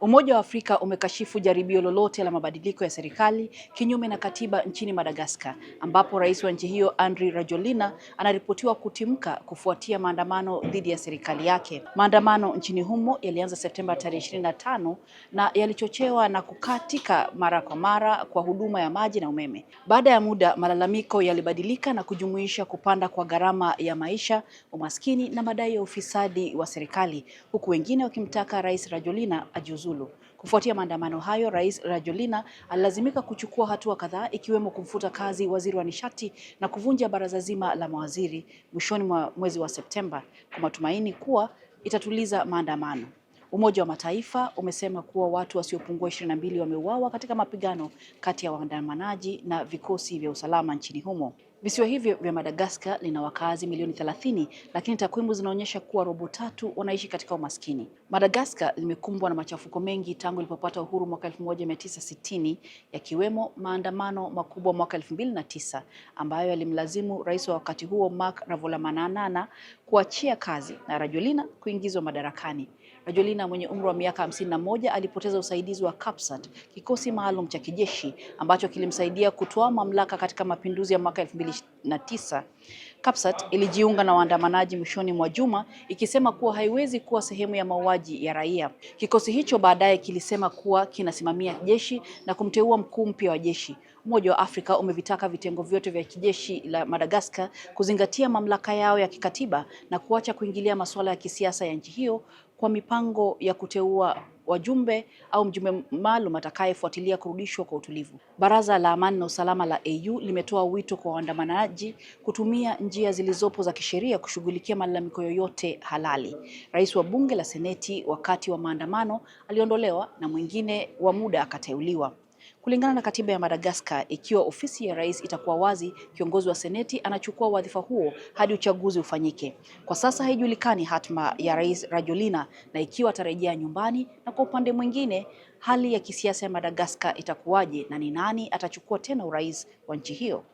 Umoja wa Afrika umekashifu jaribio lolote la mabadiliko ya serikali kinyume na katiba nchini Madagaskar, ambapo rais wa nchi hiyo Andry Rajoelina anaripotiwa kutimka kufuatia maandamano dhidi ya serikali yake. Maandamano nchini humo yalianza Septemba tarehe 25 na yalichochewa na kukatika mara kwa mara kwa huduma ya maji na umeme. Baada ya muda, malalamiko yalibadilika na kujumuisha kupanda kwa gharama ya maisha, umaskini na madai ya ufisadi wa serikali, huku wengine wakimtaka Rais Rajoelina ajiuzulu kujiuzulu. Kufuatia maandamano hayo, Rais Rajolina alilazimika kuchukua hatua kadhaa ikiwemo kumfuta kazi waziri wa nishati na kuvunja baraza zima la mawaziri mwishoni mwa mwezi wa Septemba kwa matumaini kuwa itatuliza maandamano. Umoja wa Mataifa umesema kuwa watu wasiopungua 22 wameuawa katika mapigano kati ya waandamanaji na vikosi vya usalama nchini humo. Visiwa hivyo vya Madagaskar lina wakazi milioni 30, lakini takwimu zinaonyesha kuwa robo tatu wanaishi katika umaskini. Madagaskar limekumbwa na machafuko mengi tangu ilipopata uhuru mwaka 1960, yakiwemo maandamano makubwa mwaka 2009 ambayo yalimlazimu rais wa wakati huo Marc Ravalomanana kuachia kazi na Rajoelina kuingizwa madarakani. Rajolina mwenye umri wa miaka 51 alipoteza usaidizi wa Capsat, kikosi maalum cha kijeshi ambacho kilimsaidia kutoa mamlaka katika mapinduzi ya mwaka 2009. Capsat ilijiunga na waandamanaji mwishoni mwa juma ikisema kuwa haiwezi kuwa sehemu ya mauaji ya raia. Kikosi hicho baadaye kilisema kuwa kinasimamia jeshi na kumteua mkuu mpya wa jeshi. Umoja wa Afrika umevitaka vitengo vyote vya kijeshi la Madagaskar kuzingatia mamlaka yao ya kikatiba na kuacha kuingilia masuala ya kisiasa ya nchi hiyo kwa mipango ya kuteua wajumbe au mjumbe maalum atakayefuatilia kurudishwa kwa utulivu. Baraza la Amani na Usalama la AU limetoa wito kwa waandamanaji kutumia njia zilizopo za kisheria kushughulikia malalamiko yoyote halali. Rais wa bunge la Seneti wakati wa maandamano aliondolewa na mwingine wa muda akateuliwa. Kulingana na katiba ya Madagascar, ikiwa ofisi ya rais itakuwa wazi, kiongozi wa seneti anachukua wadhifa huo hadi uchaguzi ufanyike. Kwa sasa haijulikani hatma ya Rais Rajolina na ikiwa atarejea nyumbani, na kwa upande mwingine hali ya kisiasa ya Madagascar itakuwaje na ni nani atachukua tena urais wa nchi hiyo?